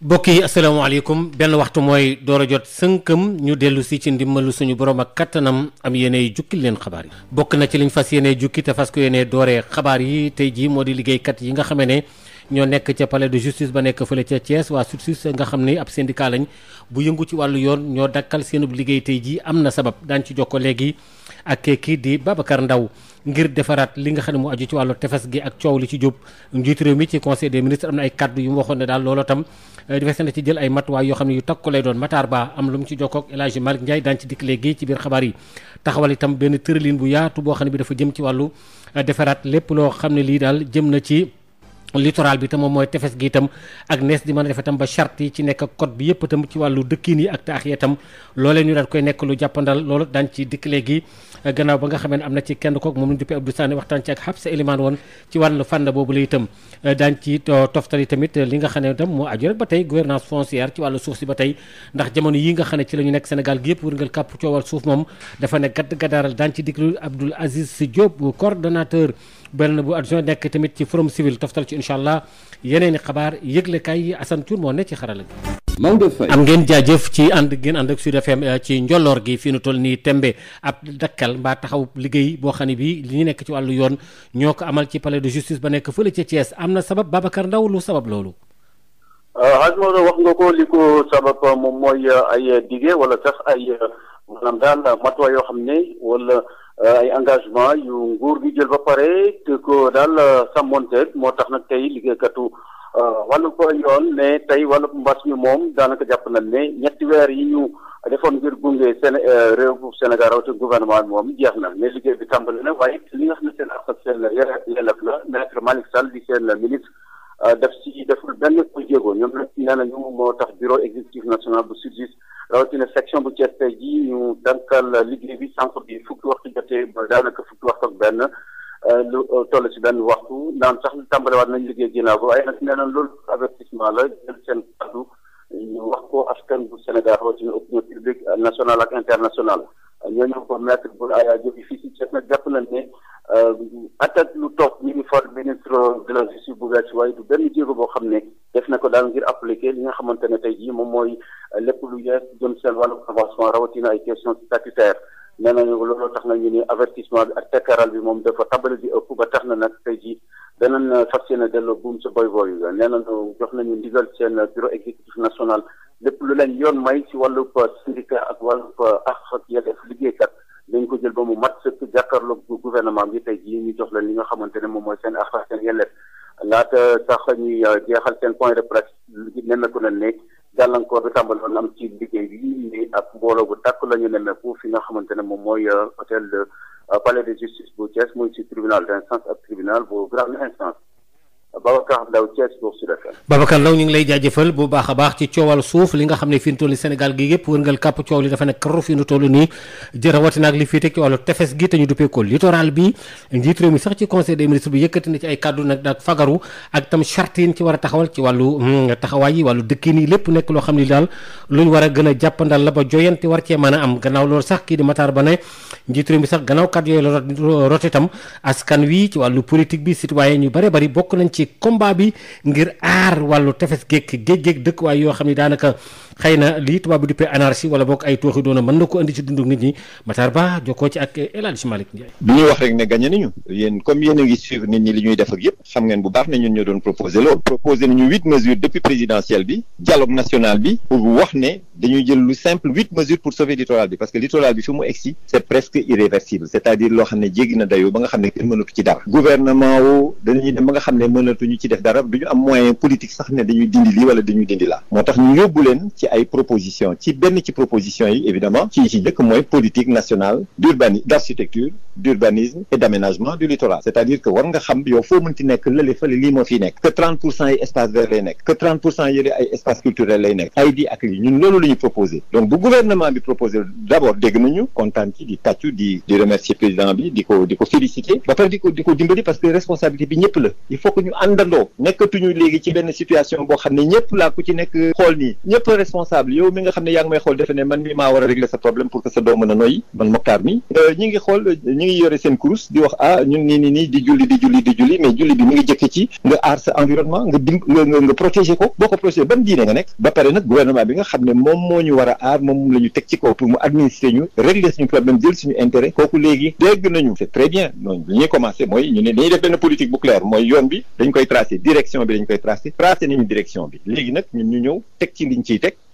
mbokk yi asalaamaaleykum benn waxtu mooy door jot sënkam ñu dellu si ci ndimbalu suñu borom ak kattanam am yéenay jukki leen xabaar yi bokk na ci liñ fas yéenee jukki te fas ko yéenee doore xabaar yi tey jii moo di liggéeykat yi nga xamee ne ñoo nekk ca palais de justice ba nekk fële ca Thiès waa SUTSUS nga xam ne ab syndicat lañ bu yëngu ci wàllu yoon ñoo dakkal seenub liggéey tey jii am na sabab daañ ci jokkoo léegi ak kii di Babacar Ndaw ngir defaraat li nga xam ne moo aju ci wàllu tefes gi ak coow li ci jub njiitu réew mi ci conseil des ministres am na ay kaddu yu mu waxoon ne daal looloo tam eh, defes na ci jël ay matuwaay yoo xam ne yu takku lay doon Matar Ba am lu mu ci jokkook El Hadji Malick Ndiaye daan ci dikk léegi ci biir xabaar yi taxawal itam benn tëralin bu yaatu boo xam ne bi dafa jëm ci wàllu eh, defaraat lépp loo xam ne lii daal jëm na ci littoral bi tam moom mooy tefes gi itam ak nees di mën a def itam ba charte yi ci nekk ak bi yëpp itam ci wàllu dëkkiin yi ak taax yi itam loolee ñu daan koy nekk lu jàppandal loolu daan ci dikk léegi gannaaw ba nga ne am na ci kenn kook moom ñu duppee Abdou Sané waxtaan ci ak Habsa Elimane woon ci wàllu fànn boobu la tamit li nga xam ne itam moo aju tey gouvernance foncière ci wàllu suuf si ba tey ndax jamono yi nga xam ne ci la ñu nekk Sénégal gi yëpp wërngal kàpp coowal suuf moom dafa ne gadd gadaaral daan ci dikk lu Abdoul Aziz Sy Diop benn bu adjoint nekk tamit ci forum civil toftal ci incha allah yeneen i xabaar yëgle kay Assane moo ne ci xarala gi. Maodo Faye am ngeen jaajëf ci ànd ngeen ànd ak Sud FM eh, ci njolloor gi fi na toll ni tembe ab dakkal mbaa taxaw liggéey boo xam ne bii li nekk ci wàllu yoon ñoo ko amal ci palais de justice ba nekk fële ca Thiès am na sabab Babacar Ndaw lu sabab loolu euh, Asmoro wax nga ko li ko sabab moom mooy ay dige wala sax ay maanaam daal matuwaay yoo xam ne wala Euh, ay engagement yu nguur gi jël ba pare te ko daal euh, sàmmonteeg moo tax nag tey liggéeykatu euh, wàllu ko yoon ne tey wàllu mbas mi moom daanaka jàpp nañ ne ñetti weer yi ñu defoon ngir gunge seen réew bu Sénégal rawatina gouvernement bi moom jeex na mais liggéey bi tàmbali na waaye li nga xam ne seen ak seen yelleef la maître Malick Sall di seen ministre def si deful benn ko jéego ñoom nag nee nañu moo tax bureau exécutif national bu SYTJUST rawatina section bu jii ñu dankal sànq jotee daanaka fukki waxtu ak benn euh, lu euh, toll si benn waxtu naan sax tàmbaliwaat nañ liggéey ginnaaw ba waaye nag nee loolu avertissement la jël seen kàddu ñu wax ko askan bu Sénégal rawatina opinion publique nationale ak internationale ñooñu ko maître bu Aya Diop fii ci Thiès nag jàpp nañ ne euh, attaque lu toog ñu ngi for ministre de la justice bu bees waaye du benn jéego boo xam ne def na ko daal ngir appliquer li nga xamante ne tey jii moom mooy lépp lu yees jëm seen wàllu rawatina ay questions statutaires nee nañu looloo tax na ñu ni avertissement bi ak tekkaaral bi moom dafa tabale di ëpp ba tax na nag tey jii danañ fas yéene delloo buum sa boy boy nee nañu jox nañu ndigal seen bureau exécutif national lépp lu leen yoon may ci wàllub syndicat ak wàllub ak ak yelleef liggéeykat dañ ko jël ba mu mat sëkk jàkkaarloog gouvernement bi tey jii ñu jox leen li nga xamante ne moom mooy seen ak seen yelleef laata sax ñuy jeexal seen point de presse nemmeeku na ne gàllankoor bi tàmbaloon am ci liggéey bi. ak mbooloo bu takk la ñu nemmeeku fi nga xamante ne moom mooy euh, hôtel de euh, palais de justice bu Thiès muy ci tribunal d' instance ak tribunal bu grande instance. Babacar Ndaw Thiès pour Sud ñu ngi lay jaajëfal bu baax a baax ci coowal suuf li nga xam ne fi ñu toll nii jërawatinaak li fii teg ci wàllu tefes gi te ñu duppee ko bi njiit réew sax ci conseil des ministres bi yëkkati na ci ay kàddu nag fagaru ak tam charte ci war a taxawal ci wàllu hmm, taxawaay yi wàllu dëkkin yi lépp nekk loo xam ne daal lu ñu war a gën a jàppandal la ba joyante war cee mën a am gannaaw loolu sax kii di Matar Ba ne njiit bi ci bi ngir aar wàllu tefes géeg géej géeg dëkkuwaay yoo xam ni daanaka xëy na lii tubaab bi duppee anarchie wala boog ay tooxi doona mën na ko indi ci dundu nit ñi Matar Ba jokkoo ci ak El Hadj Malick Ndiaye li wax rek ne gagné nañu yéen comme yéen a ngi suivre nit ñi li ñuy def ak yëpp xam ngeen bu baax ne ñun doon proposé loolu proposé nañu huit mesures depuis présidentielle bi dialogue national bi pour wax ne dañuy jël lu simple huit mesures pour sauver littoral bi parce que littoral bi fi mu egsi c'est presque irréversible na dayoo ba def dara duñu am moyen politique ay proposition ci benn ci proposition yi évidemment ci ci njëkk mooy politique nationale d'urbani d'architecture d'urbanisme et d'aménagement du littoral c'est-à-dire que war nga xam yow foo mënti nekk lële fële lii moo fii nekk que 30 pour cent yi espace vert lay nekk que 30 ay espace culturel lay nekk ay di ak lii ñun loolu la ñu donc bu gouvernement bi proposé d'abord dégg nañu kontaan di tàccu di di président bi di ko di ko responsable yow mi nga xam ne yaa ngi may xool defe ne man mi maa war a régler sa problème pour que sa doo mën a noyyi man Moctar mi euh, ñi ngi xool ñi ngi yore seen kurus di wax ah nii nii di julli di julli mais julli bi mi ngi jëkke ci nga aar sa environnement nga dim nga nga protéger ko boo ko protéger ban diine nga nekk ba pare nag gouvernement bi nga xam ne moom moo ñu war aar moom la teg ci kaw pour mu administrer ñu régler suñu problème jël suñu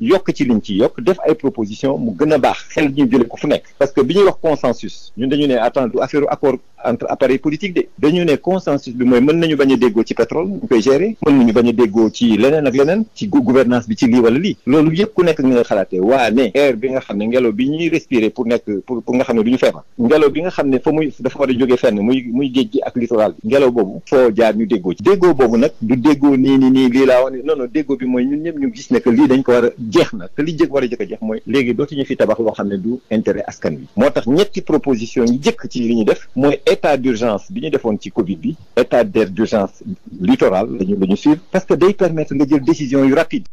yokk ci liñ ci yokk def ay proposition mu gën a baax xel ñu jële ko fu nekk parce que bi ñu wax consensus ñun dañu ne attends du affaire accord entre appareil politique de dañu ne consensus bi mooy mën nañu bañ a déggoo ci pétrole ñu koy gérer mën nañu bañ a déggoo ci leneen ak leneen ci gouvernance bi ci lii wala lii loolu yëpp ku nekk nga xalaatee waa ne air bi nga xam ne ngelaw bi ñuy respirer pour nekk pour pour nga xam ne du ñu feebar ngelaw bi nga xam ne fa muy dafa war a jógee fenn muy muy géej gi ak littoral bi ngelaw boobu foo jaar ñu déggoo ci déggoo boobu nag du déggoo nii nii nii lii laa wax ne bi mooy ñun ñëpp ñu gis ne lii dañ ko war a jeex na te li a jëkk mooy léegi dootuñu fi tabax loo xam ne du intérêt askan wi moo tax ñetti proposition yi ci li ñu def mooy état d'urgence bi ñu defoon ci Covid bi état d'urgence littoral lañu la ñu suivre parce que day permettre nga jël décision yu rapide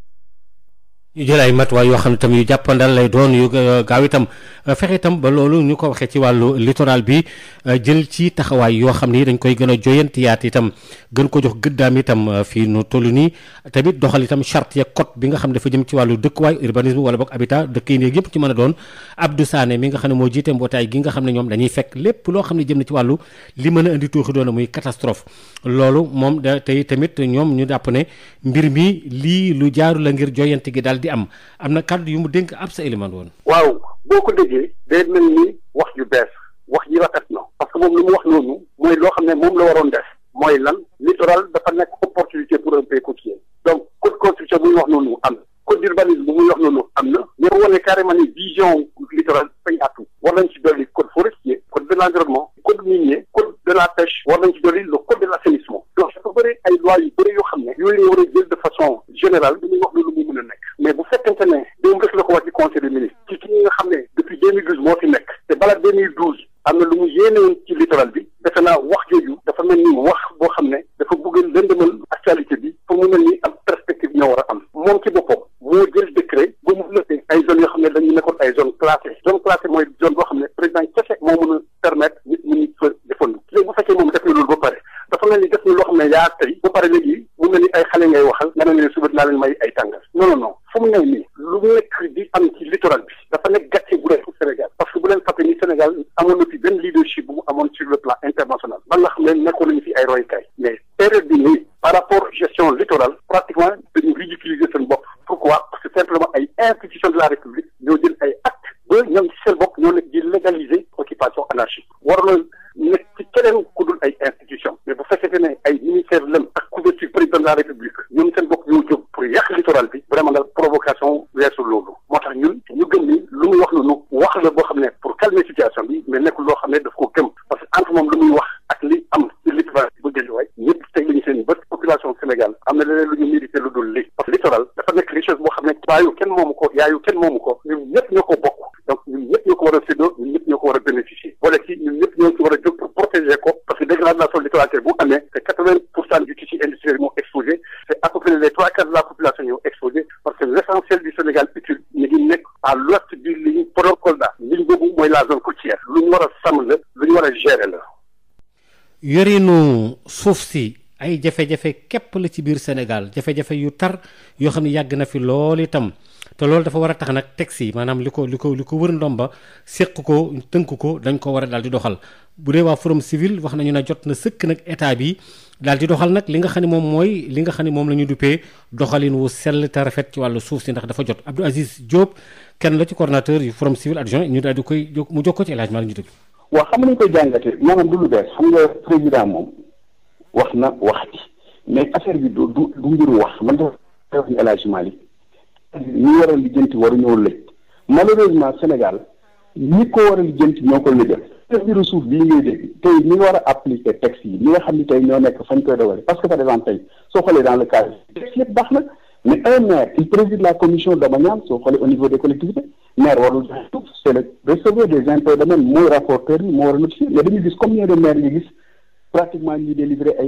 yu jël ay matuwaay yoo xam ne tam yu jàppandal lay doon yu gaaw itam euh, fexe itam ba loolu ñu ko waxee ci wàllu littoral bi euh, jël ci taxawaay yoo xam ni dañ koy gën a joyantiyaat itam gën ko jox gëddaam itam euh, fii nu toll nii tamit doxal itam charte ya code bi nga xam ne dafa jëm ci wàllu dëkkuwaay urbanisme wala boog habitat dëkk yi néeg yëpp ci mën a doon Abdou Sané mi nga xam ne moo jiite mbootaay gi nga xam ne ñoom dañuy fekk lépp loo xam ne jëm na ci wàllu li mën a indi tuuxi muy catastrophe loolu moom da tey tamit ñoom ñu jàpp ne mbir mi lii lu jaaru la ngir joyanti gi daal di am am na kàddu yu mu dénk ab sa élément woon. waaw boo ko déggee. day mel ni wax ju bees wax ji rafet na. parce que moom lu mu wax noonu. mooy loo xam ne moom la waroon def. mooy lan littoral dafa nekk opportunité pour un pays côtier donc code construction bu ñu wax noonu am. code d'urbanisme bu muy wax noonu am na mais wane carrément ni vision littoral fay atu war nañ ci dolli code forestier code de l'environnement code minier code de la pêche war nañ ci dolli le code de l'assainissement donc dafa bëri ay loi yu bëri yoo xam ne yooyu nga war a jël de façon générale dañuy wax ne lu mu mën a nekk mais bu fekkente ne démb rek la ko wax ci conseil des ministres ci ki nga xam ne depuis deux mille douze moo fi nekk te bala deux mille douze am na lu mu yéenewoon ci littoral bi defe naa wax jooju dafa mel ni wax boo xam ne dafa bëgg lëndëmal actualité bi pour mu am perspective ñoo war a am moom ci moo jël décret ba mu lëkkee ay zones yoo xam ne dañu nekkoon ay zone classée zone classée mooy zone boo xam ne président kese moo mën a c'est quatre-vingts pour cent du tissu industriel moo exposé c'est à ñoo exposé parce que l'essentiel du Sénégal utile ñu ngi nekk à l'ouest du ligne Podor boobu mooy la zone côtière lu ñu war a sàmm la lu ñu war a gérer la yorinu suuf si ay jafe-jafe képp la ci biir Sénégal jafe-jafe yu tar yoo xam ne yàgg na fi lool itam te loolu dafa war a tax nag texte yi maanaam li ko li ko li ko wër ndomba séq ko tënk ko dañ ko war a daal di doxal bu dee waa forom civil wax nañu ne jot na sëkk nag état bi daal di doxal nag li nga xam ne moom mooy li nga xam ne moom la ñu duppee doxalin wu sell te rafet ci wàllu suuf si ndax dafa jot Abdou Aziz Diop kenn la ci coordonnateur yu forum civil adjoint ñu daal di koy mu jokkoo ci élagement la ñu déglu. waaw xam nañu koy jàngate maanaam du lu bees xam nga président moom wax na waxati mais bi du du du ngir wax man dafa wax ni ñi war a lijjanti waruñoo lëj malheureusement Sénégal ñi ko war a lijjanti ñoo ko lëjal mbiru suuf bii ngay dégg tey war a appliquer texte yi ñi nga xam ni tey ñoo nekk fañ koy dogal parce que par exemple tey soo xoolee dans le cas texte yëpp baax na mais un maire il préside la commission domaniale soo xoolee ni niveau des collectivités maire warul suuf c'est le receveur des impôts domaine mooy rapporteur bi moo war a notifier mais dañuy gis combien de maires yi gis pratiquement ñuy délivrer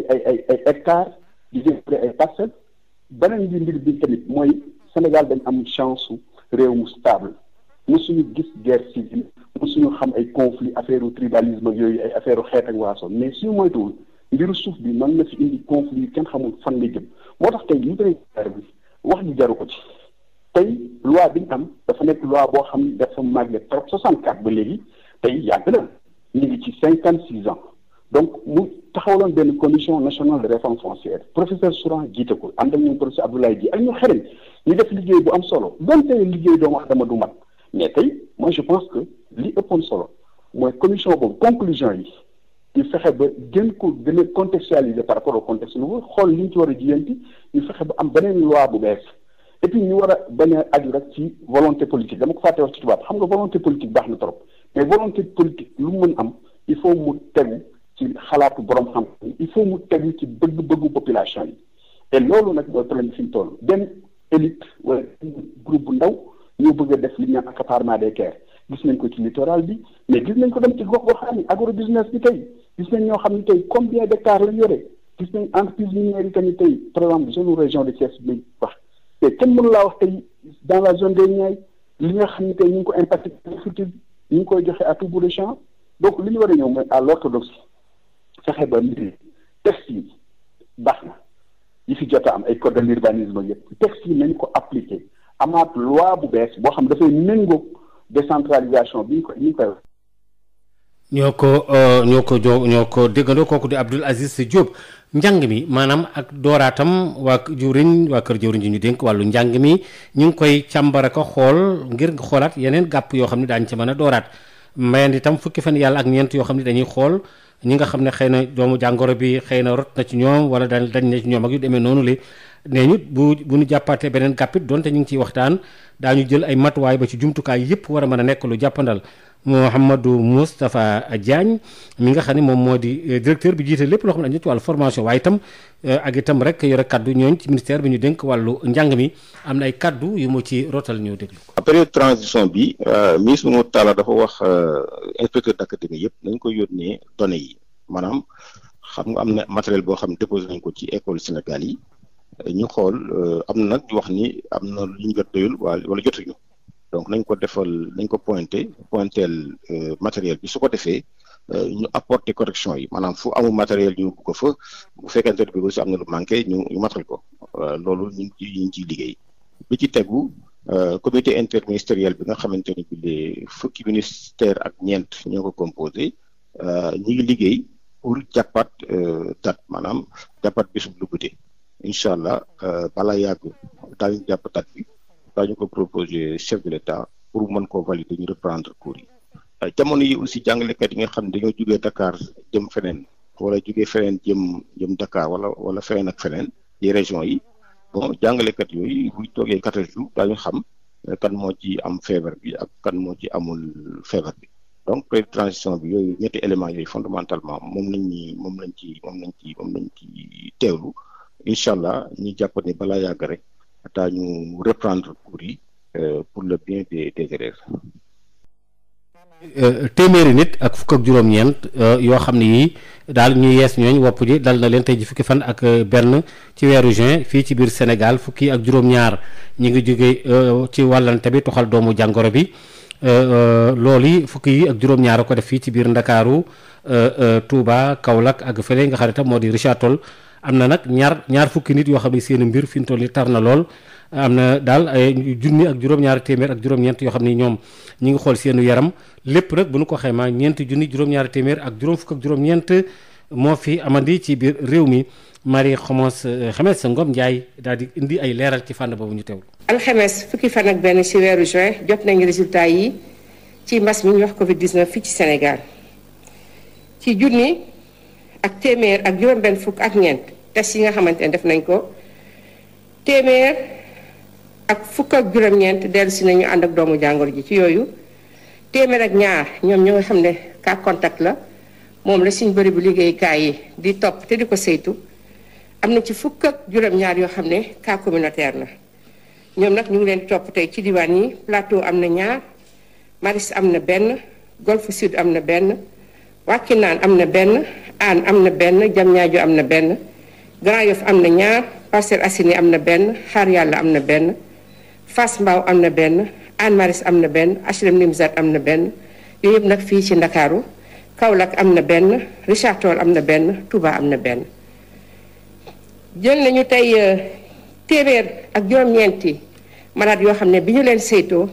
mooy Sénégal dañ am chance réew mu stable musuñu gis guerre civile musuñu xam ay conflit affaire tribalisme yooyu ay affaire xeet ak waasoon mais suñu moytuwul mbiru suuf bi mën na fi indi conflit yi kenn xamul fan lay jëm moo tax tey lu tëri bi wax ji jaru ko ci tey loi bi ñu am dafa nekk loi boo xam ne dafa màgg trop 64 ba léegi tey yàgg na ñu ngi ci cinquante 56 ans donc mu taxawaloon benn commission national de réforme foncière professeur Souran jiite ko ànd ak professeur Abdoulaye Di ak ñu xereñ ñu def liggéey bu am solo donte liggéey doomu aadama du mat mais tey mooy je pense que li ëppoon solo mooy commission boobu conclusion yi ñu fexe ba gën ko gën a contextualiser par rapport au contexte nouveau xool li ñu ci war a jiyanti ñu fexe ba am beneen loi bu bees et puis ñu war a bañ a aju rek ci volonté politique dama ko fàtte ci tubaab xam nga volonté politique na trop mais volonté politique lu mu mën am il faut mu ci xalaatu borom xam il faut mu tegu ci bëgg-bëggu population yi te loolu nag mooy problème bi fi mu toll benn élite groupe bu ndaw ñoo bëgg def li ñu naan des terres gis nañ ko ci littoral bi mais gis nañ ko dem ci gox goxaan yi agro business bi tey gis nañ ñoo xam ne tey combien d'hectares lañ yore gis nañ entreprise minière yi tamit tey par exemple zone région de Thiès bi lañ wax te kenn mënu wax tey dans la zone des Niayes li nga xam ne tey ñu ngi ko impacté agriculture bi ñu ngi koy joxe à tout bout de champ fexe ba nit yi baax na yi fi jot am ay code de l'urbanisme yëpp test nañ ko appliqué amaat loi bu bees boo xam dafay méngóog décentralisation bi ñu ko ñu koy wax. ñoo ko euh, ñoo ko jo ñoo ko déggandoo kooku di Abdoul Aziz Diop njàng mi maanaam ak dooraatam waa jëwriñ waa kër jëwriñ yu ñu dénk wàllu njàng mi ñu ngi koy càmbara ko xool ngir xoolaat yeneen gàpp yoo xam ne daañu ci mën a dooraat mbayaan itam fukki fan yàlla ak ñeent yoo xam ne dañuy xool ñi nga xam ne xëy na doomu jàngoro bi xëy na rot na ci ñoom wala dañ dañ na ci ñoom ak yu demee noonu li nee ñu bu bu ñu jàppaatee beneen gàppit donte ñu ngi ciy waxtaan daañu jël ay matuwaay ba ci jumtukaay yëpp war a mën a nekk lu jàppandal Mouhamadou Moustapha Diagne mi nga xam ne moom moo di euh, directeur bi jiite lépp loo xam ne dañu ci wàllu formation waaye itam euh, ak itam rek yore kaddu ñooñ ci ministère bi ñu dénk wàllu njàng mi am ay kaddu yu mu ci rotal ñu déglu ko. période transition bi euh, ministre Mamadou Talla dafa wax inspecteur d'académie yëpp nañ ko yónnee données yi maanaam xam nga am na matériel boo xam ne déposé nañ ko ci école Sénégal yi ñu xool am na nag wax ni am na lu ñu jot doyul wala jotuñu. donc nañ ko defal nañ ko pointé pointeel euh, matériel bi su ko defee euh, ñu apporter correction yi maanaam fu amul matériel ñu bu ko fa bu fekkente bi aussi am na lu manqué ñu ñu matal ko loolu ñu ngi ñu ngi ciy liggéey bi ci tegu euh, comité interministériel bi nga xamante ni bi les fukki ministère ak ñeent ñoo ko composé ñu ngi liggéey pour jàppaat date maanaam bi bisub lu gudde incha allah balaa yàgg daañu jàpp date bi daañu ko proposer chef de l'État pour mën koo valider ñu reprendre cours yi euh, jamono yi aussi jàngalekat yi nga xam ne dañoo jugee Dakar jëm feneen wala jugee feneen jëm jëm Dakar wala wala feneen ak feneen ci région yi bon jàngalekat yooyu buy toogee quatorze jours daañu xam euh, kan moo ci am feebar bi ak kan moo ci amul feebar donc période de transition bi yooyu ñetti éléments yooyu fondamentalement moom lañ ñi moom lañ ci moom lañ moom lañ ci teewlu incha allah ñu jàpp ne balaa yàgg rek ataa euh, pour le euh, téeméeri nit ak fukk ak juróom-ñeent euh, yoo xam ne yii daal ñu yees ñooñ wopp ji dal na leen tey ji fukki fan ak benn ci weeru juin fii ci biir Sénégal fukki ak juróom-ñaar ñi ngi jóge ci wàllante bi toxal doomu jàngoro bi lool yi fukki yi ak juróom-ñaar a def fii ci biir Ndakaaru Touba Kaolack ak fële nga xam ne tam moo di Richard Toll am na nag ñaar ñaar fukki nit yoo xam ne seen mbir fi mu toll nii tar na lool am na daal ay junni ak juróom-ñaari téeméer ak juróom-ñeent yoo xam ne ñoom ñi ngi xool seenu yaram lépp rek bu nu ko xaymaa ñeenti junni juróom-ñaari téeméer ak juróom ñeent moo fi amandi ci biir réew mi Marie Xomos Xames euh, sa Ngom Ndiaye daal di indi ay leeral ci fànn boobu ñu teewlu. alxames fukki fan ak benn ci weeru juin jot nañu résultat yi ci mbas mi ñu wax Covid fii ci Sénégal ci junni ak téeméer ak juróom-benn fukk ak ñeent. test yi nga xamante ne def nañ ko téeméer ak fukk juróom-ñeent dellu si nañu ànd ak doomu jàngoro ji ci yooyu téeméer ak ñaar ñoom ñoo xam ne cas contact la moom la suñ bëri bu liggéeykaay yi di topp te di ko saytu am na ci fukk juróom-ñaar yoo xam ne cas communautaire la ñoom nag ñu ngi leen di topp tey ci diwaan yi plateau am na ñaar maris am na benn golfe sud am na benn wàkkinaan am na benn aan am na benn jamñaajo am na benn Grand Yoff am na ñaar Parcelles Assainies am na benn Xaar Yàlla am na benn Fass Mbao am na benn Anne am na benn HLM Nimzat am na benn yooyu nag fii ci Ndakaaru kawlak am na benn Richard Toll am na benn Touba am na benn jël nañu tey euh, téeméer ak juróom-ñeenti malade yoo xam ne bi ñu leen saytoo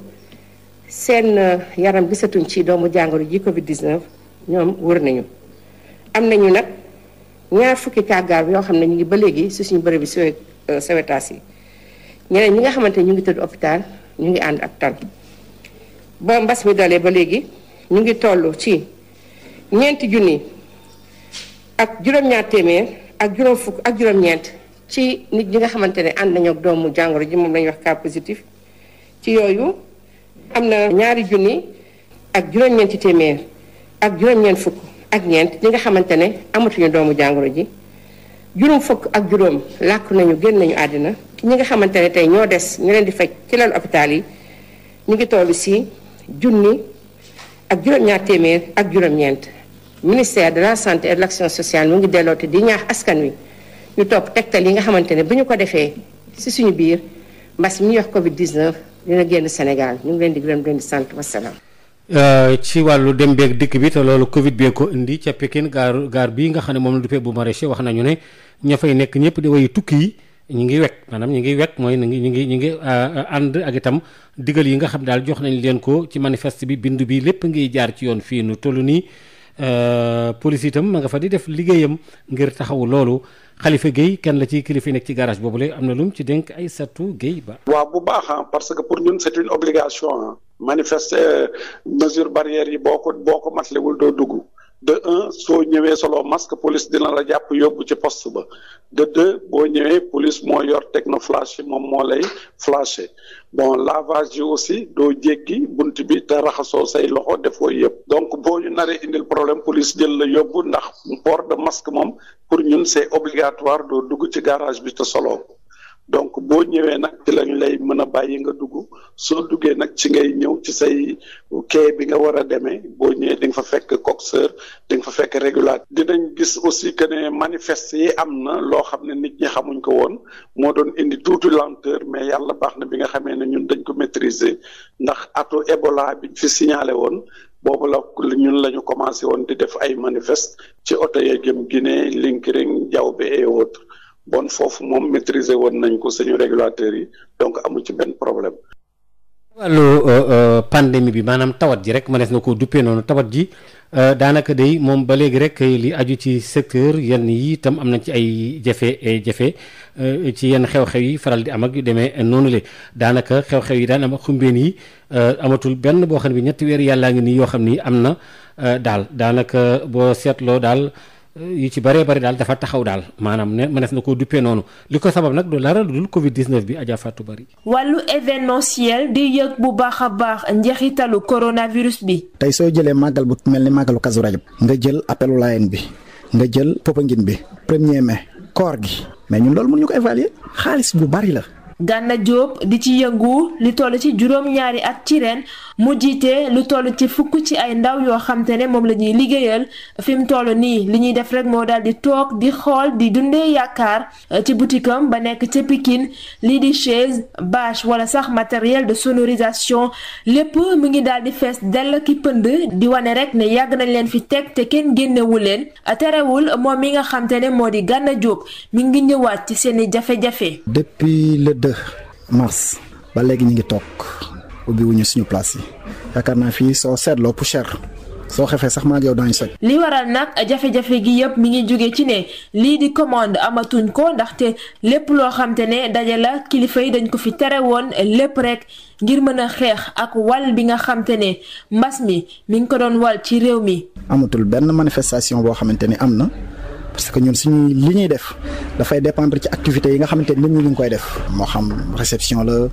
seen euh, yaram gisatuñ ci doomu jàngoro ji Covid 19 ñoom wër nañu am nañu nag ñaar fukki cas grave yoo xam ne ñu ngi ba léegi si suñu bërëb bi suwe euh, sawetaas yi ñeneen ñi nga xamante ne ñu ngi tëdd hôpital ñu ngi ànd ak tal ba mbas mi dalee ba léegi ñu ngi toll ci ñeenti junni ak juróom-ñaar ak juróom ak juróom ci nit ñi nga xamante ne ànd nañu ak doomu jàngoro ji moom lañuy wax cas ci yooyu am na ñaari junni ak juróom téeméer ak juróom-ñeent fukk ak ñeent ñi nga xamante ne amatuñu doomu jàngoro ji juróom fukk ak juróom làkk nañu génn nañu àddina ñi nga xamante ne tey ñoo des ñu leen di faj ci lalu hôpital yi ñu ngi tollu si junni ak juróom-ñaar téeméer ak juróom-ñeent ministère de la santé et de l'action sociale mu ngi dellooti di ñaax askan wi ñu topp tegtal yi nga xamante ne bu ñu ko defee si suñu biir mbas mi ñuy wax Covid 19 dina génn Sénégal ñu ngi leen di gërëm di leen di sant wasalaam. Euh, ci wàllu dem beek dikk bi te loolu Covid bee ko indi ca Pikine gaar gaar bii nga xam ne moom la duppee bu maraîcher wax nañu ne ña fay nekk ñëpp di way tukki yi ñu ngi wekk maanaam ñu ngi wekk mooy ñu ngi ñu ngi ñu ngi euh, euh, ànd ak itam digal yi nga xam daal jox nañ leen ko ci manifeste bi bind bi lépp ngiy jaar ci yoon fii nu toll nii police itam ma nga fa di def liggéeyam ngir taxawu loolu Khalifa géey kenn la ci kilifa nekk ci garage boobu la am na lum ci dénk Aïssatou Guèye Ba. waaw bu baax ah, parce manifester euh, mesure barrière yi boo ko boo ko matlewul doo dugg de un soo ñëwee solo masque police dina la jàpp yóbbu ci poste ba de deux boo ñëwee police moo yor technoflash yi moom moo lay flashé bon lavage yi aussi doo jéggi bunt bi te raxasoo say loxo defoo yëpp donc boo ñu naree indil problème police jël la yóbbu ndax port de masque moom pour ñun c'est obligatoire doo dugg ci garage bi te solo donc boo ñëwee nag ci lañ lay mën a bàyyi nga dugg soo duggee nag ci ngay ñëw ci say kay bi nga war a demee boo ñëwee di nga fa fekk coxeur di nga fa fekk régulateur. dinañ gis aussi que ne manifeste yi am na loo xam ne nit ñi xamuñ ko woon moo doon indi tuuti lenteur mais yàlla baax na bi nga xamee ne ñun dañ ko maîtriser ndax atu ébola bi fi signalé woon. boobu la ñun la ñu commencé woon di def ay manifest ci oto ya jëm Guinée Linkiring Diaobé et autres bon foofu moom maîtriser woon nañ ko suñu régulateurs yi donc amul ci benn problème. Euh, euh, bi maanaam tawat ji rek mënees na koo duppee noonu tawat ji euh, daanaka day moom ba léegi rek li aju ci secteur yenn yi itam am nañ ci ay jafe-jafe ci yenn xew-xew yi faral di am ak yu demee noonu le daanaka xew-xew yi daan am ak xumbeen yi amatul benn boo xam ne bi ñetti weer yàllaa ngi nii yoo xam ni am na daal daanaka boo seetloo daal. yu ci bëree bëri daal dafa taxaw daal maanaam ne mënees na koo duppee noonu li ko sabab nag du dara lu dul Covid 19 bi Adja Fatou Bari. wàllu événementiel di yëg bu baax a baax njeexitalu coronavirus bi. tey soo jëlee màggal bu mel ni màggalu Kazu Rajab nga jël appelu Laayeen bi nga jël Popenguine bi. premier mai koor gi mais ñun loolu mënuñu ko évaluer xaalis bu bari la. Gana Diop di ci yëngu li toll ci juróom-ñaari at ci ren mu jiite lu toll ci fukk ci ay ndaw yoo xam ne moom la ñuy liggéeyal fi mu toll nii li ñuy def rek moo daal di toog di xool di dundee yaakaar euh, ci butikam ba nekk ca Pikine lii di chaise bâche wala sax matériel de sonorisation lépp mu ngi daal di fees dell ki pënd di wane rek ne yàgg nañ leen fi teg te kenn génnewu leen terewul moom mi nga xam ne moo di Gana Diop mi ngi ñëwaat ci seen i jafe-jafe. mars ba léegi ñu ngi toog ubbiwuñu suñu place yi yaakaar naa fii soo seetloo pour cher soo xefee sax maa ngi yow daañu soj li waral nag jafe-jafe gi yëpp mi ngi jóge ci ne lii di commande amatuñ ko ndaxte lépp loo xamte ne daje la kilifa yi dañ ko fi tere woon lépp rek ngir mën a xeex ak wal bi nga xamte ne mbas mi mi ngi ko doon wal ci réew mi. amatul benn manifestation boo xamante ni am na. parce que ñun suñuy li ñuy def dafay dépendre ci activité yi nga xamante ni nit ñi ñu koy def moo xam réception la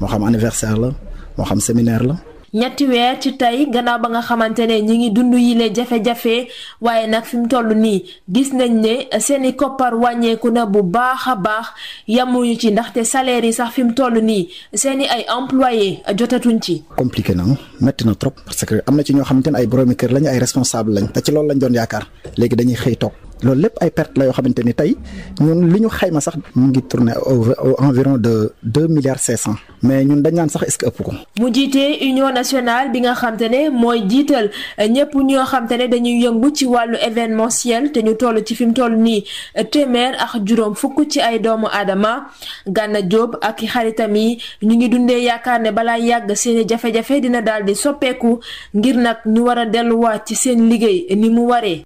moo xam anniversaire la moo xam séminaire la. ñetti weer ci tey gannaaw ba nga xamante ne ñi ngi dund yile jafe-jafe waaye nag fi mu toll nii gis nañ ne seeni koppar wàññeeku na bu baax a baax yamuñu ci ndaxte salaire yi sax fi mu toll nii seeni ay employé jotatuñ ci. compliqué na métti na trop parce que am na ci ñoo xamante ne ay boroomi kër lañu ay responsable lañ te ci loolu lañ doon yaakaar léegi dañuy xëy toog loolu lépp ay perte la yoo xamante ni tey ñun li ñu xayma sax mu ngi tourné au environ de deux milliards mais ñun dañ naan sax est-ce que ëpp ko. mu jiite union nationale bi nga xam ne mooy jiital ñëpp ñoo xam ne dañuy yëngu ci wàllu événementiel te ñu toll ci fi mu toll nii téeméer ak juróom fukk ci ay doomu aadama Gana Diop ak xaritam yi ñu ngi dundee yaakaar ne balaa yàgg seeni jafe-jafe dina daal di soppeeku ngir nag ñu war a delluwaat ci seen liggéey ni mu waree.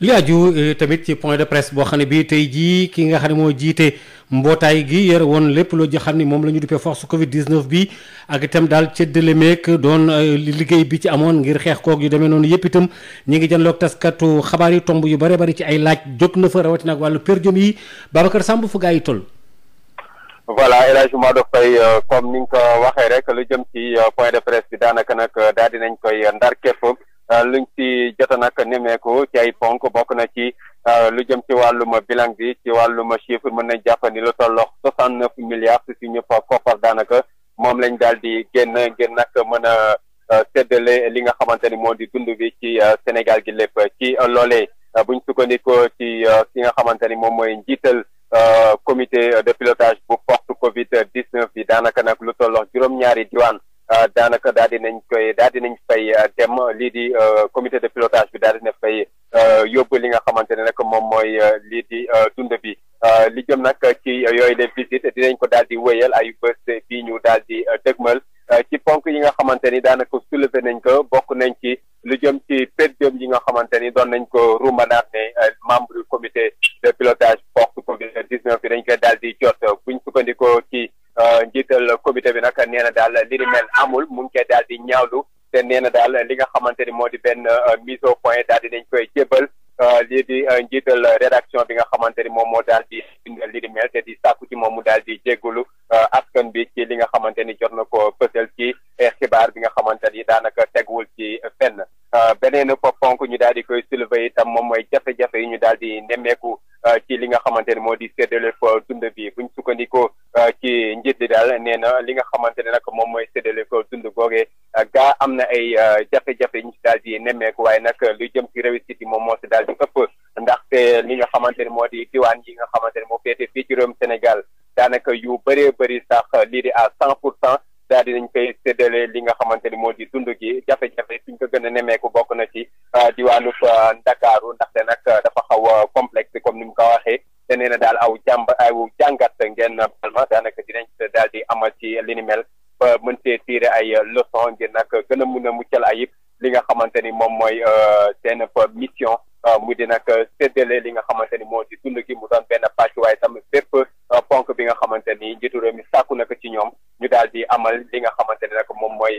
li aju eh, tamit ci point de presse boo xam ne bii tey jii ki nga xam ne moo jiite mbootaay gi yore woon lépp loo xam ni moom la ñu duppee force Covid 19 bi ak itam daal cëddale meek doon eh, liggéey bi ci amoon ngir xeex koog yu demee noonu yëpp itam ñi ngi jënloog taskatu xabaar yi tomb yu bare bari ci ay laaj jóg na fa rawatina ak wàllu perjum yi Babacar Samb fu gaa yi toll. voilà El Hadj Maodo Faye euh, comme ni nga ko waxee rek lu jëm ci euh, point de presse daanaka nag euh, daal dinañ koy ndar Euh, luñ ci jota nag nemeeku ci ay ponk bokk na ci euh, lu jëm ci wàllum bilan bi ci wàllu wàllum chiffre mën nañ jàpp ni lu tollox soixante neuf milliards si suñu koppar daanaka moom lañ daal di génn ngir nag mën a euh, séddale li nga xamante ni moo di dund bi ci Sénégal gi lépp ci loole buñ sukkandikoo ci ki nga xamante ni moom mooy njiital comité de pilotage bu force Covid 19 bi daanaka nag lu tollox juróom-ñaari diwaan Euh, daanaka daal di nañ koy daal di nañ fay euh, dem euh, lii di comité de pilotage bi daal di na fay yóbbu li nga xamante ne nag moom mooy lii di dund bi li jëm nag ci yooyu les visites dinañ ko daal di wéyal ay bés bii ñu daal di dëgmal ci ponk yi nga xamante ni daanaka soulevé nañ ko bokk nañ ci li jëm ci péddium yi nga xamante ni doon nañ ko rumbanaat ne membre du comité de pilotage porte covid 19 bi dañ koy daal di jot buñ sukkandikoo ci Euh, njiital comité bi nag nee na daal li mel amul mu ngi koy daal di ñaawlu te nee na daal li nga xamante ni moo di benn euh, mise au point daal euh, di nañ koy jébbal li di njiital rédaction bi nga xamante ni moom moo daal di bindal li ni mel te di sàkku ci moom mu daal di jéggulu askan bi ci li nga xamante ni jot na ko pësal ci xibaar bi nga xamante ni daanaka teguwul ci fenn beneen ko ponk ñu daal di koy soulever itam moom mooy jafe-jafe yi ñu daal di nemmeeku ci li nga xamante ni moo di séddale dund bi buñ sukkandikoo ci njiit li daal nee na li nga xamante ne nag moom mooy séddale ko dund googee gaa am na ay euh, jafe-jafe ñu si daal di nemmeeku waaye nag lu jëm ci réussite yi moom moo si daal di ëpp ndaxte li nga xamante ne moo di diwaan yi nga xamante ne moo féete fii ci réewum Sénégal daanaka yu bëree bëri sax lii di à cent pour cent daal di nañ koy séddale li nga xamante ni moo di dund gi jafe-jafe suñ ko gën a nemmeeku bokk na ci euh, diwaanu euh, Ndakaaru ndaxte nag dafa xaw a complexe comme ni mu ko waxee te nee daal aw jàmba aw jàngat ngeen balma daanaka dinañ daal di amal ci li ni mel ba mën see tiire ay leçon ngir nag gën a mun a muccal ayib li nga xamante ni moom mooy euh, seen mission euh, mu di nag séddale li nga xamante ni moo di dund gi mu doon benn pàcc waaye tam bépp euh, ponk bi nga xamante ni njiitu réew mi sàkku na ko ci ñoom ñu daal di amal li nga xamante ni nag moom mooy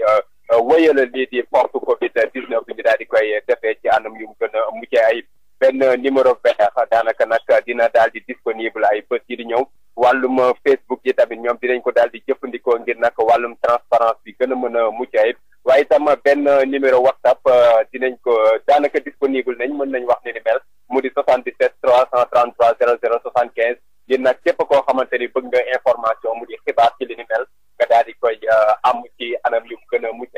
wéyal lii di porte Covid 19 bi ñu daal di koy defee ci anam yu mu gën a benn numéro vert daanaka nag dina daal di disponible ay bés yi di ñëw wàllum Facebook yi tamit ñoom dinañ ko daal di jëfandikoo ngir nag wàllum transparence bi gën a mën a mucc ayib waaye itam benn numéro WhatsApp euh, dinañ ko daanaka disponible nañ mën nañ wax ni ni mel mu di 77 333 00 75 ngir nag képp koo ni bëgg nga information mu di xibaar ci li ni mel nga daal koy euh, am ci anam yu gën a mucc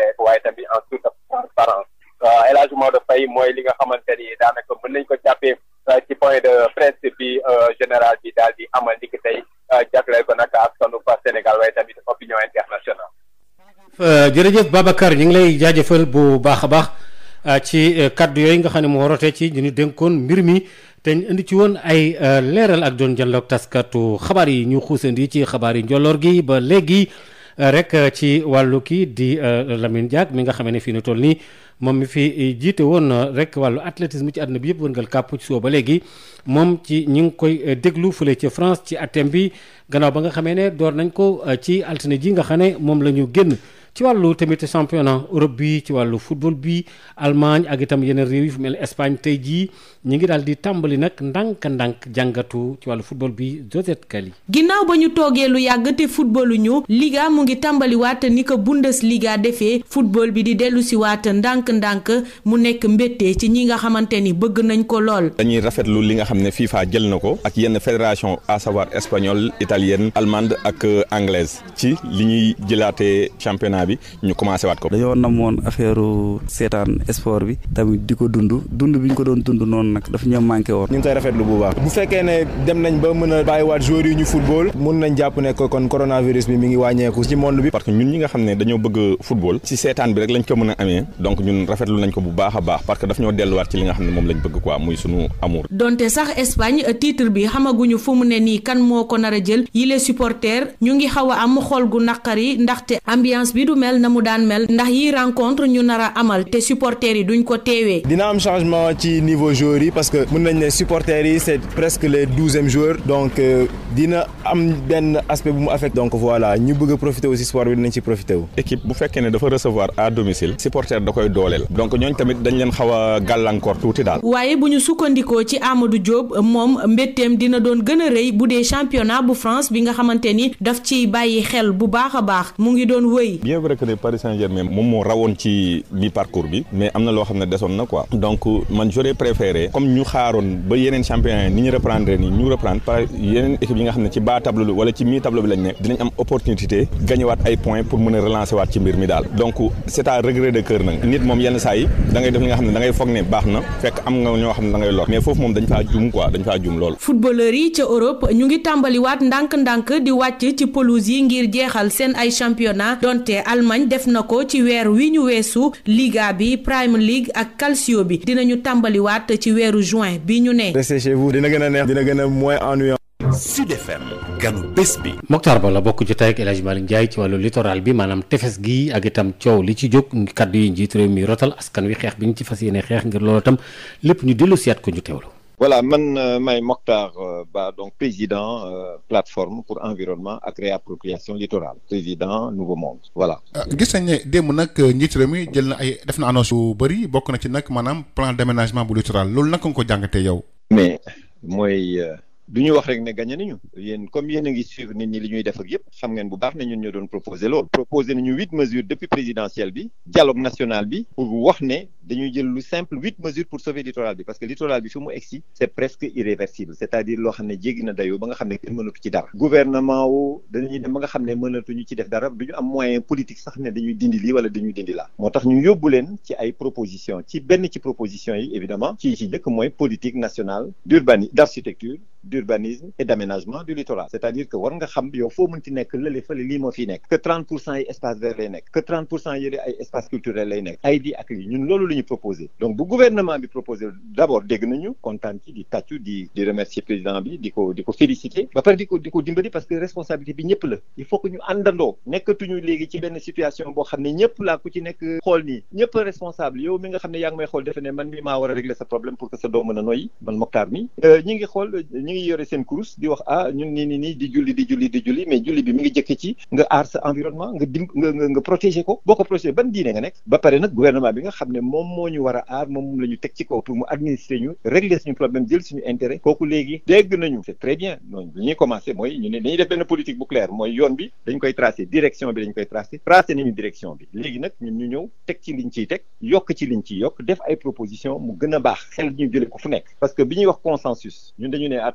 Euh, jërëjëf Babacar ñi ngi lay jaajëfal bu baax a baax euh, ci euh, kaddu yooyu nga xam ne moo rote ci ñu ñu dénkoon mbir mi te indi ci woon ay leeral ak doon jànloog taskatu xabaar yi ñu xuusandi ci xabaar yi njolloor gi ba léegi rek ci wàllu kii di Lamine Diack mi nga xam ne fii ni toll nii moom mi fi jiite woon rek wàllu athlétisme ci àdduna bi yëpp wërngal kàppu ci soo ba léegi moom ci ñu ngi koy déglu fule ci France ci atem bi gannaaw ba nga xamee ne door nañ ko ci altine ji nga xam ne moom la ñu génn ci wàllu tamit championnat Europe bi ci wàllu football bi Allemagne ak itam yeneen réew yi fu mel Espagne tey jii ñu ngi daal di tàmbali nag ndànk-ndànk jàngatu ci wàllu football bi Josette Kali. ginnaaw ba ñu toogee lu yàgg te footballu ñu Liga mu ngi tàmbaliwaat ni ko Bundesliga defee football bi di dellu si waat ndànk-ndànk mu nekk mbette ci ñi nga xamante ni bëgg nañ ko lool. dañuy rafetlu li nga xam ne FIFA jël na ko ak yenn fédération à savoir espagnole italienne allemande ak anglaise ci li ñuy jëlaatee championnat. an bi ñu commencé waat ko. dañoo namoon affaire seetaan Espagne titre bi xamaguñu fu mu ne nii kan moo ko nar a jël yile supporter ñu ngi xaw am xol gu naqari ndaxte ambiance bi du mel na mu daan mel ndax yi rencontre ñu nar a amal te supporters yi duñ ko teewee. dina am changement ci niveau joueurs yi parce que mun nañ ne supporters yi c'est presque les douzième joueurs donc euh, dina am benn aspect bu mu affecté. donc voilà ñu bëgg a profiter aussi sport bi dinañ ci profiter wu. équipe bu fekkee ne dafa recevoir à domicile. supporter da koy dooleel. donc ñooñ tamit dañ leen xaw a gàllankoor tuuti daal. waaye bu ñu sukkandikoo ci Amadou Diop moom mbetteem dina doon gën a rëy bu dee championnat bu France bi nga xamante ni daf ciy bàyyi xel bu baax a baax mu vrai Paris Saint-Germain moom moo rawoon ci bi parcours bi mais am na loo xam ne desoon na quoi donc man j'aurais préféré comme ñu xaaroon ba yeneen championnat yi ni ñu reprendre ni ñu reprendre par yeneen équipe yi nga xam ne ci bas tableau bi ci mi tableau bi lañ ne dinañ am opportunité gañewaat ay points pour mën a relancer waat ci mbir mi daal donc c'est regret de cœur nag nit moom yenn saa yi def li nga xam ne da foog ne baax na Allemagne def na ko ci weer wi ñu weesu Liga bi Prime League ak Calcio bi dinañu tàmbaliwaat ci weeru juin bi ñu nee Restez chez vous dina gën a neex dina gën a moins ennuyant. Sud FM ganu bés bi. Mokhtar Ba la bokk jotaay ak El Hadj ci wàllu littoral bi maanaam tefes gi ak itam coow li ci jóg kaddu yi njiit réew mi rotal askan wi xeex bi ñu ci fas yéene xeex ngir loolu itam lépp ñu dellu siyaat ko ñu teewlu. voilà man euh, may Mokhtar euh, Ba donc président euh, plateforme pour environnement ak réappropriation littorale président Nouveau Monde voilà. Euh, gis nañ ne démb nag njiit réew mi jël na ay def na annonce yu bëri bokk na ci nag maanaam plan d'aménagement bu littoral loolu naka nga ko jàngatee yow. mais mooy. du ñu wax rek ne gagné nañu yéen comme yéen a ngi suivre nit ñi li ñuy def ak yëpp xam ngeen bu baax ne ñun ñoo doon proposé loolu. proposé nañu huit mesures depuis présidentielle bi dialogue national bi pour wax ne dañuy jël lu simple huit mesures pour sauver littoral bi parce que littoral bi fi mu egsi c'est presque irréversible c'est-à-dire loo xam ne jéggi na dayoo ba nga xam ne kenn mënatu ci dara. gouvernement wu dañuy dem ba nga xam ne mënatuñu ci def dara du ñu am moyen politique sax ne dañuy dindi lii wala dañuy dindi laa. moo tax ñu yóbbu leen ci ci benn ci propositions yi ci ci njëkk mooy politique nationale d'urbanisme d'architecture d'urbanisme et d'aménagement du littoral cest dire que war nga xam yow foo mën nekk lële fële lii moo fi nekk que 30 pour cent yi espace vert lay nekk que 30 pour cent yële ay espace culturel lay nekk ay di ak ñun loolu la ñu donc bu gouvernement bi proposé d'abord dégg nañu kontaan di tàccu di di remercier président bi di ko di ko féliciter ba pare di ko dimbali parce que responsabilité bi ñëpp la il faut que ñu àndandoo nekkatuñu léegi ci benn situation boo ne ñëpp laa ku ci nekk xool a régler a ñu ngi yore seen kurus di wax ah nii nii nii di julli di julli mais julli bi mi ngi jëkk ci nga aar sa environnement nga dim nga nga protéger ko boo ko protéger ban diine nga nekk ba pare nag gouvernement bi nga xam ne moom moo ñu war aar moom moom teg ci kaw pour mu administrer ñu régler suñu problème jël suñu intérêt kooku léegi dégg nañu c'est très bien donc ñu ñëw teg ci liñ ciy teg yokk ci liñ ciy yokk def ay proposition mu gën a baax xel ñu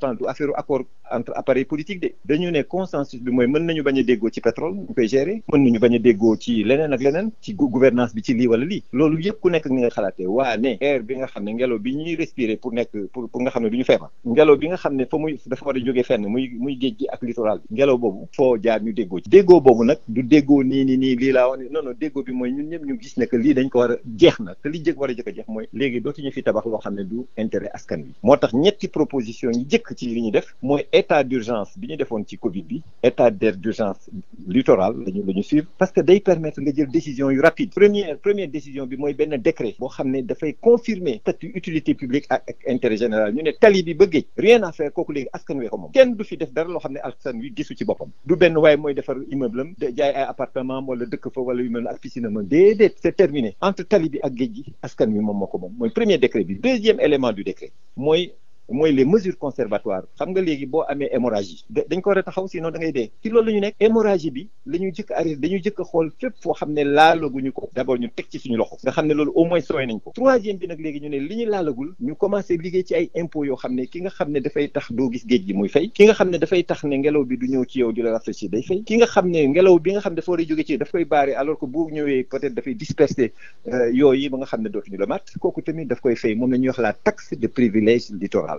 pourtant du affaire accord entre appareil politique de dañu ne consensus bi mooy mën nañu bañ a déggoo ci pétrole ñu koy gérer mën nañu bañ a déggoo ci leneen ak leneen ci gouvernance bi ci lii wala lii loolu yëpp ku nekk ni nga xalaatee waa ne air bi nga xam ne ngelaw bi ñuy respirer pour nekk pour nga xam ne du ñu feebar ngelaw bi nga xam ne fa muy dafa war a jógee fenn muy muy géej gi ak littoral bi ngelaw boobu foo jaar ñu déggoo ci déggoo boobu nag ci li ñu def mooy état d'urgence bi ñu defoon ci Covid bi état d'urgence littoral lañu la ñu suivre parce que day permettre nga jël décision yu rapide première première décision bi mooy benn décret boo xam ne dafay confirmer statut utilité publique ak intérêt général ñu ne tali bi ba géej rien à faire kooku léegi askan wi moom kenn du fi def dara loo xam ne askan wi gisu ci boppam du benn waaye mooy defar immeuble am jaay ay appartement wala dëkk fa wala immeuble ak piscine am déedéet c'est ak géej gi askan wi moom moo ko moom mooy premier décret bi deuxième élément du décret mooy mooy les mesures conservatoires xam nga léegi boo amee hémorragie dañ ko war a taxaw sinon da ngay dee ci loolu la ñu nekk hémorragie bi la ñu jëkk arrêté dañu jëkk a xool fépp foo xam ne laalaguñu ko d'abord ñu teg ci suñu loxo nga xam ne loolu au moins sooy nañ ko troisième bi nag léegi ñu ne li ñu laalagul ñu commencé liggéey ci ay impôts yoo xam ne ki nga xam ne dafay tax doo gis géej gi muy fay ki nga xam ne dafay tax ne ngelaw bi du ñëw ci yow la rafraîchir day nga xam ne ngelaw bi nga xam ne dafa war a jóge ci daf koy baare alors que bu ñëwee euh, ba nga xam ne dootuñu la kooku tamit daf koy fay moom la ñuy wax la taxe de privilège littoral Sénégal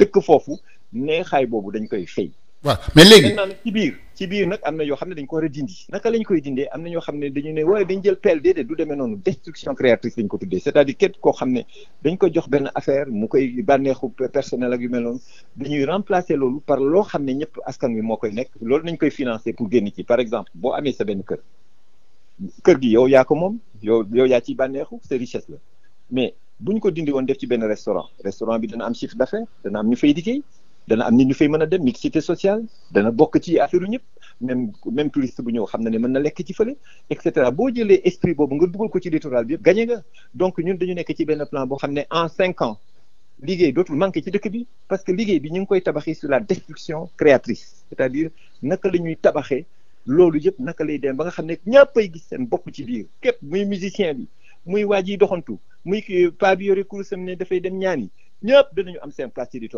dëkk foofu neexaay boobu dañ koy fay. waa mais léegi naan ci biir ci biir nag am na yoo xam ne dañ ko war a dindi naka lañ koy dindee am na ñoo xam ne dañu ne waaye dañ jël peel déedéet du demee noonu destruction créatrice lañ ko tuddee c'est-à-dire képp koo xam ne dañ ko jox benn affaire mu koy bànneexu personnel ak yu mel noonu dañuy remplacer loolu par loo xam ne ñëpp askan wi moo koy nekk loolu nañ koy financer pour génn ci par exemple boo amee sa benn kër kër gi yow yaa ko moom yow yow yaa ciy bànneexu sa richesse la bu ñu ko dindi woon def ci benn restaurant restaurant bi dana am chiffre d'affaires dana am ñu fay liggéey dana am nit ñu fay mën a dem mixité sociale dana bokk ci affaire ñëpp même même touriste bu ñëw xam na ne mën na lekk ci fële et cetera boo jëlee esprit boobu nga dugal ko ci littoral bi yëpp gagné nga donc ñun dañu nekk ci benn plan boo xam ne en cinq ans liggéey dootul manqué ci dëkk bi parce que liggéey bi ñu ngi koy tabaxee sur la destruction créatrice cest à naka la ñuy tabaxee loolu yëpp naka lay dem ba nga xam ne ñëpp ay gis seen bopp ci biir képp muy musicien bi muy waa ji doxantu muy kii paa bi yore kurusam ne dafay dem ñaan yi ñëpp danañu am seen place ci bi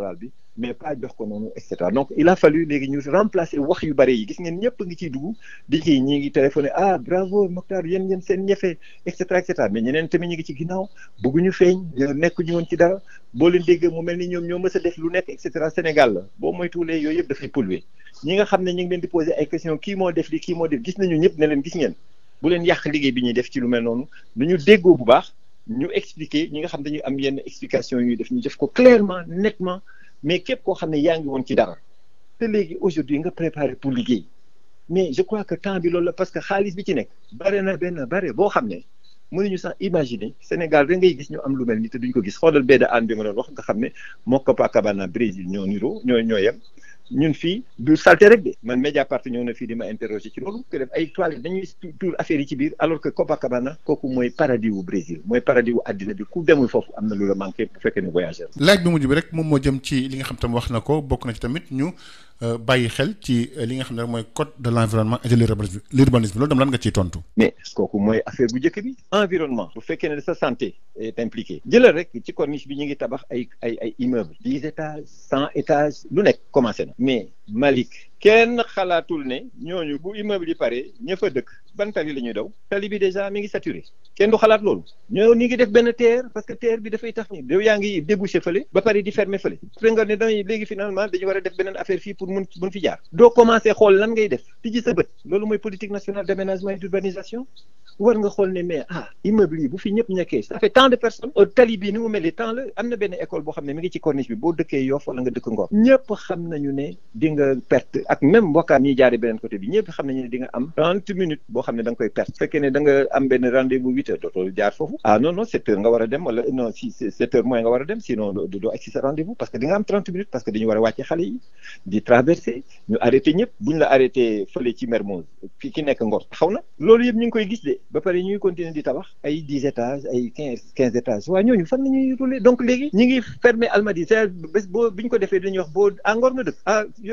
mais pas jox ko noonu et cetera donc il a fallu léegi ñu remplacer wax yu bare yi gis ngeen ñëpp ngi ciy dugg di ci ñi ngi téléphoné ah bravo Mokhtar yéen yéen seen ñefe et ñeneen tamit ñi ngi ci ginnaaw bëgguñu feeñ nekkuñu woon ci dara boo leen déggee mu mel ni ñoom ñoo mës def lu nekk et cetera Sénégal la boo moytuwulee yooyu yëpp dafay polluer ñi nga xam ne ñu ngi leen di poser ay question kii moo def li kii moo def gis nañu ñëpp ne leen gis ngeen bu leen yàq liggéey bi ñuy def ci lu mel noonu ñu déggoo bu baax ñu expliquer ñi nga xam dañuy am yenn explication ñuy def ñu def ko clairement nettement mais képp koo xam ne yaa ngi woon ci dara te léegi aujourd'hui nga préparé pour liggéey mais je crois que temps bi loolu la parce que xaalis bi ci nekk bare na benn bare boo xam ne ñu sax imaginer Sénégal rek ngay gis ñu am lu mel ni te duñ ko gis xoolal benn aan bi ma doon wax nga xam ne moo ko Copacabana Brésil ñoo niroo ñoo ñoo yem ñun fii du salté rek de man Mediapart ñëw na fii di ma interroger ci loolu que def ay toilettes dañuy tuur affaire ci biir alors que Copacabana kooku mooy paradis wu Brésil mooy paradis wu àddina bi ku demu foofu am na lu la manqué bu fekkee ne voyageur laaj bi mujj bi rek moom moo jëm ci li nga xam tam wax na ko bokk na ci tamit ñu Euh, bàyyi xel ci euh, li nga xam ne mooy code de l' environnement et de l' urbanisme loolu dam lan nga ciy tontu. mais kooku mooy affaire bu njëkk bi. environnement. bu fekkee ne sa santé est impliquée. jëlal rek ci corniche bi ñu ngi tabax ay ay ay immeubles. dix étages cent étages lu nekk commencé na mais. Malick kenn xalaatul ne ñooñu bu immeuble yi pare ña dëkk ban tali la tali bi déjà mi ngi saturé kenn du xalaat loolu ñoo ni ngi def benn TER parce que TER bi dafay tax ni yow yaa ngi débouché fële ba pare di fermer fële après nga ne dañuy léegi finalement dañu war a def beneen affaire fii pour mun fi jaar doo commencé xool lan ngay def tijji sa bët loolu mooy politique nationale d'aménagement et d'urbanisation war nga xool ne mais ah immeuble nga perte ak même wakkaan ñuy jaaree beneen côté bi ñëpp xam nañu ne di nga am trente minutes boo xam ne da koy perte fekkee ne da am benn rendez-vous huit jaar foofu ah non non nga war a dem wala non si sept moins nga war a dem sinon doo doo agsi sa rendez parce que di nga am trente minutes parce que dañu war a wàcce xale yi di traversé ñu arrêté ñëpp buñ la arrêté fële ci Mermoz ki nekk Ngor xaw na loolu yëpp ñu ngi ko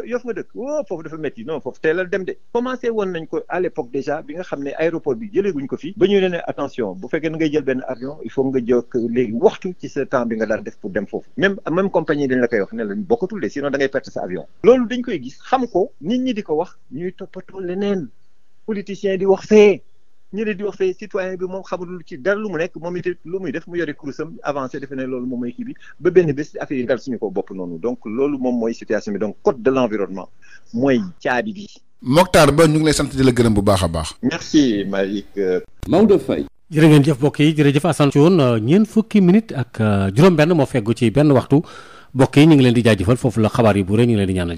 yof nga dëkk woo oh, foofu dafa métti non foofu teelal dem de commencé woon nañ ko à l'époque déjà bi nga xam ne aéroport bi jëleeguñ ko fii ba ñu ne ne attention bu fekkee ngay jël benn avion il faut nga jokk léegi waxtu ci sa temps bi nga daan def pour dem foofu même même compagnie dañ la koy wax ne lañ bokkatul de sinon da ngay perte sa avion loolu dañ koy gis xam ko nit ñi di ko wax ñuy toppatoo leneen politiciens di wax fee ñu di wax fee citoyen bi moom xamul ci dara moom muy def mu yore avancé defe loolu moom mooy kii bi ba benn bés affaire loolu moom mooy situation bi donc code de l'environnement mooy caabi Ba ñu ngi lay sant di la gërëm bu baax a baax. merci Malick. Maodo Faye. jërë ngeen jëf mbokk yi jërëjëf Assane Thioune ñeent fukki minutes ak euh, juróom-benn moo feggu ci benn waxtu mbokk yi ñu ngi leen di jaajëfal foofu la xabaar yi bu rëy ñu ngi leen di ñaanal jàmm.